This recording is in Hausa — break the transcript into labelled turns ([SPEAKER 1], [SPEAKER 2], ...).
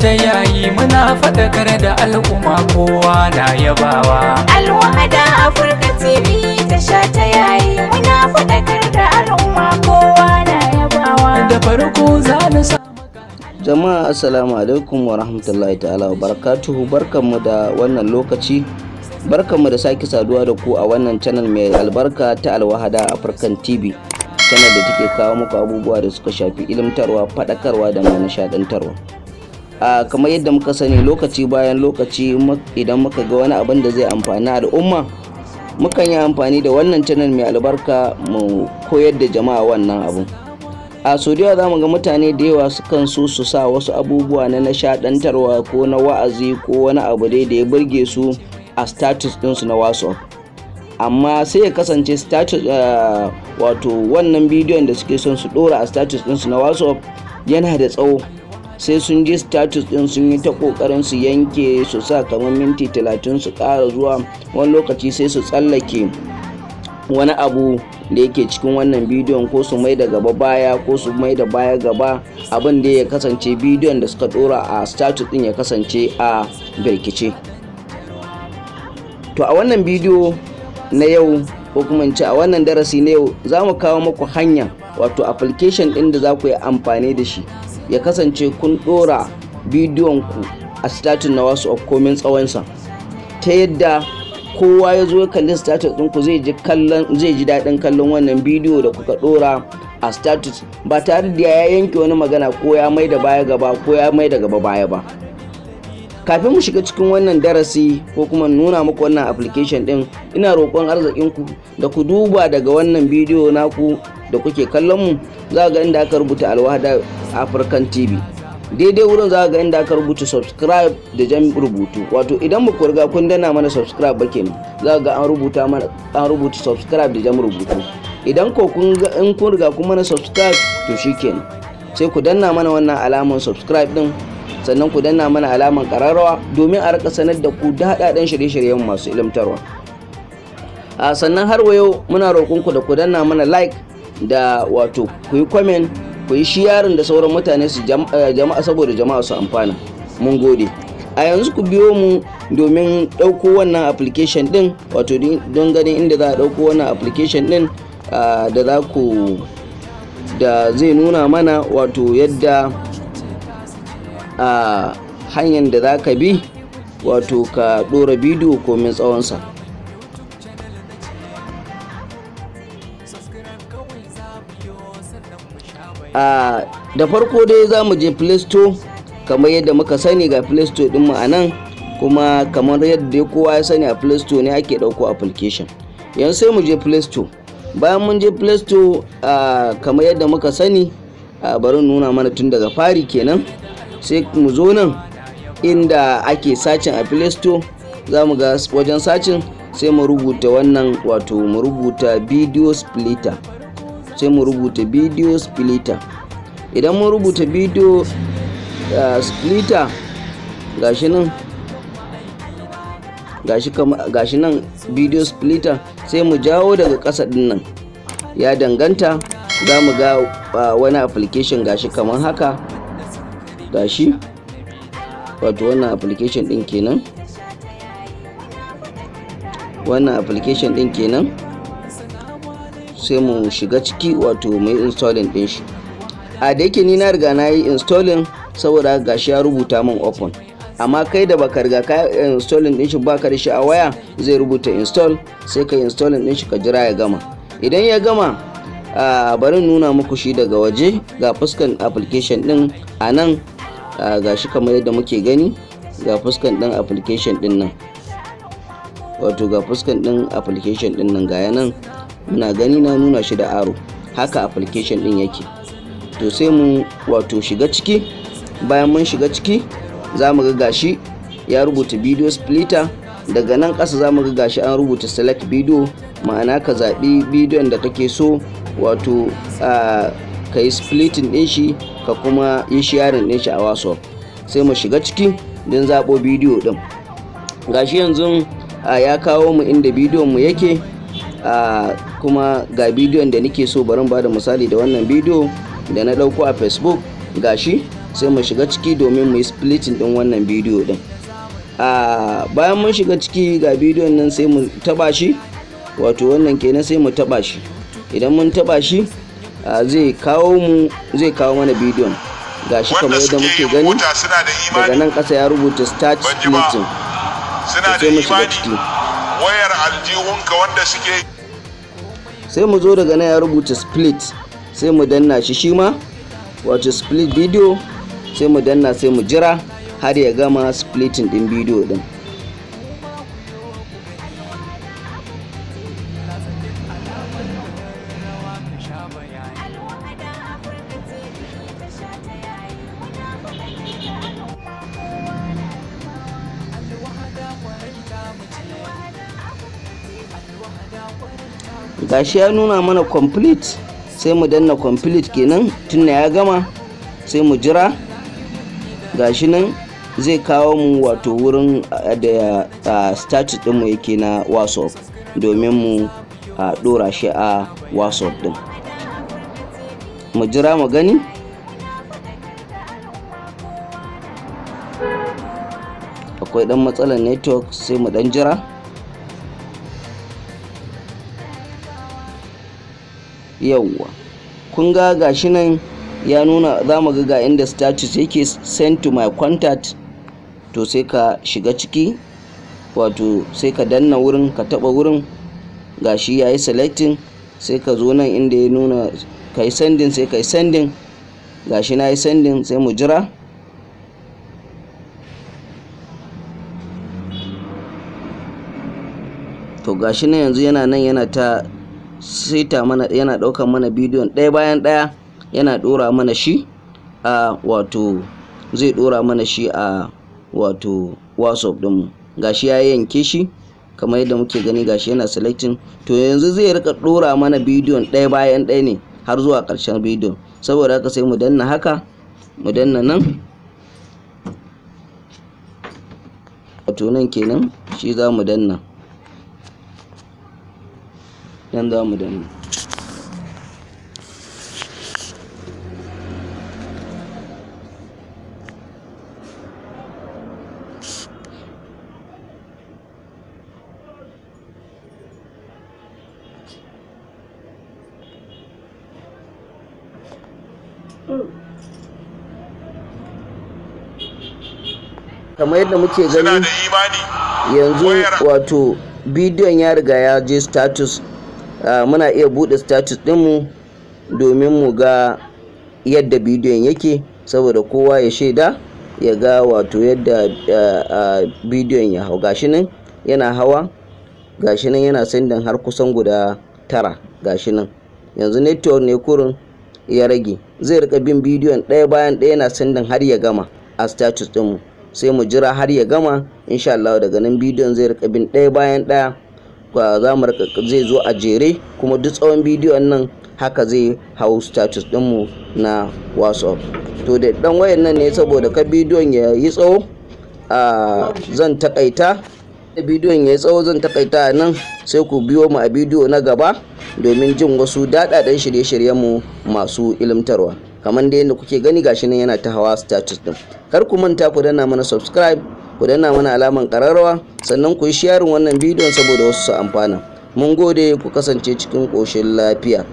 [SPEAKER 1] ta yayi muna faɗakar da al'umma kowa na yabawa Al'umma afirka tv ta sha ta yayi muna faɗakar da al'umma kowa na yabawa da farko za mu jama'a assalamu alaikum wa rahmatullahi ta'ala wa barakatuhu barkanmu da wannan lokaci barkanmu da sake saduwa da ku a wannan channel mai albarka ta alwahada african tv channel da take kawo muku abubuwa da suka shafi ilimtarwa fadakarwa, da ma nishaɗantarwa a ah, kamar yadda muka sani lokaci bayan lokaci idan muka ga wani abin da zai amfani al'umma mukan yi amfani da wannan canal mai albarka mu koyar da jama'a wannan abu a sodiya za mu ga mutane da yawa sukan so su sa wasu abubuwa na nishadantarwa ko na wa'azi ko wani abu dai da ya burge su a status ɗinsu na whatsapp amma sai ya kasance status ah, wato wannan bidiyon da suke son su ɗora a status ɗinsu na whatsapp yana da tsawo sai sun ji status din sun yi ta kokarin su yanke su sa kamar minti talatin su ƙara zuwa wani lokaci sai su tsallake wani abu da yake cikin wannan bidiyon ko su mai da gaba baya ko su mai da baya gaba abin da ya kasance bidiyon da suka dora a status din ya kasance a birkice to a wannan bidiyo na yau ko kuma ce a wannan darasi na yau za mu kawo muku hanya wato application ɗin da za ku yi amfani da shi ya kasance kun ɗora bidiyonku a statin na wasu komin tsawonsa ta yadda kowa ya zo ya kalli status ɗinku zai ji ji daɗin kallon wannan bidiyo da kuka ɗora a status ba tare da ya yanke wani magana ko ya mai da baya gaba ko ya mai da gaba baya ba kafin mu shiga cikin wannan darasi ko kuma nuna muku wannan application ɗin ina roƙon arzikinku da ku duba daga wannan bidiyo naku da kuke kallon mu za ga inda aka rubuta alwada african tv daidai wurin za ga inda aka rubuta subscribe da jan rubutu wato idan ba riga kun dana mana subscribe ba kenan za ga an rubuta mana an rubuta subscribe da jan rubutu idan ko kun ga in kun riga kun mana subscribe to shikenan sai ku danna mana wannan alaman subscribe din sannan ku danna mana alaman kararrawa domin a rika sanar da ku daɗaɗɗen shirye-shiryen masu ilimtarwa a sannan har wayo muna roƙonku da ku danna mana like da wato ku yi kwamen ku yi shiyarin da sauran mutane su eh, jama'a saboda jama'a su amfana mun gode a yanzu ku biyo mu domin ɗauko wannan application ɗin wato don ganin inda za a ɗauko wannan application ɗin ah, da za ku da zai nuna mana wato yadda a ah, hanyar da za ka bi wato ka ɗora bidiyo komin tsawonsa a da farko dai za mu je filasto kamar yadda muka sani ga filasto ɗinmu a nan kuma kamar yadda kowa ya sani a filasto ne ake ɗauko application yanzu sai mu je play bayan mun je play kamar yadda muka sani a bari nuna mana tun daga fari kenan sai mu zo nan inda ake sacin a play za mu ga wajen sacin sai mu rubuta wannan wato mu rubuta video splitter sai mu rubuta video splitter idan mun rubuta video eh, splitter gashi nan gashi nan video splitter sai mu jawo daga ƙasa din nan ya danganta za mu ga eh, wani application gashi kamar haka gashi wato wannan application din kenan wannan application din kenan sai mu shiga ciki wato mai installing din shi a da yake ni na riga na yi installing saboda gashi ya rubuta min open amma kai da baka riga ka installing din shi baka da shi a waya zai rubuta install sai ka installing din shi ka jira ya gama idan ya gama a bari nuna muku shi daga waje ga fuskan application din a nan gashi kamar yadda muke gani ga fuskan din application din nan wato ga fuskan din application din nan ga yanan na gani na nuna shi da aro haka application din yake to sai mu wato shiga ciki bayan mun shiga ciki za mu ga gashi ya rubuta video splitter daga nan ƙasa za mu ga gashi an rubuta select video ma'ana ka zaɓi bidiyon da kake so wato ka yi splitting ɗin shi ka kuma yi sharing ɗin shi a whatsapp sai mu shiga ciki don zaɓo bidiyo ɗin gashi yanzu ya kawo mu inda bidiyon mu yake a kuma ga bidiyon da nake so barin ba da misali da wannan bidiyo da na dauko a facebook gashi sai mu shiga ciki domin mu yi splitting din wannan bidiyo din bayan mun shiga ciki ga bidiyon nan sai mu taba shi wato wannan kenan sai mu taba shi idan mun taba shi zai kawo mu zai kawo mana bidiyon gashi kamar yadda muke gani daga nan kasa ya rubuta start splitting sai mu shiga ciki wayar aljihunka wanda suke sai mu zo daga nan ya rubuta split sai mu danna shi shi ma wato split video sai mu danna sai mu jira har ya gama splitting din bidiyo din gashi ya nuna mana complete sai mu danna complete kenan tunda ya gama sai mu jira gashi nan zai kawo mu wato wurin eh, da uh, status ɗinmu yake na whatsapp domin mu dora shi a whatsapp ɗin mu jira mu gani akwai ɗan matsalar network sai mu ɗan jira yawwa kun ga gashi nan ya nuna za mu ga inda status yake send to my contact to sai ka shiga ciki wato sai ka danna wurin ka taba wurin gashi yayi selecting sai ka zo nan inda ya nuna ka yi sending sai ka yi sending gashi na yi sending sai mu jira to gashi nan yanzu yana nan yana ta seta mana yana ɗaukan mana bidiyon ɗaya bayan ɗaya yana ɗora mana shi a wato zai ɗora mana shi a wato whatsapp ɗinmu gashi ya yanke shi kamar yadda muke gani gashi yana selecting to yanzu zai rika ɗora mana bidiyon ɗaya bayan ɗaya ne har zuwa ƙarshen bidiyon saboda haka sai mu danna haka mu danna nan wato nan kenan shi za mu danna nan za mu danna kamar yadda muke gani yanzu wato bidiyon ya riga ya je status Ah, muna iya buɗe status ɗinmu domin mu ga yadda bidiyon yake saboda kowa ya shaida ya ga wato yadda ah, ah, bidiyon ya hau gashi nan yana hawa gashi yana sandan har kusan guda tara gashi nan yanzu network ne kurin ya rage zai rika bin bidiyon ɗaya bayan ɗaya yana sandan har ya gama a status ɗinmu sai mu jira har ya gama insha Allah daga nan bidiyon zai rika bin ɗaya bayan ɗaya za zai zo a jere kuma duk tsawon bidiyon nan haka zai hau status dinmu na whatsapp to da dan wayan nan ne saboda ka bidiyon ya yi tsawo zan takaita da bidiyon ya yi tsawo zan takaita nan sai ku biyo mu a bidiyo na gaba domin jin wasu daɗaɗen shirye shiryen mu masu ilimtarwa kamar da yadda kuke gani gashi nan yana ta hawa status din? kar ku manta ku danna mana subscribe ku danna mana alaman ƙararrawa sannan ku yi sharing wannan bidiyon saboda wasu su amfana mun gode ku kasance cikin ƙoshin lafiya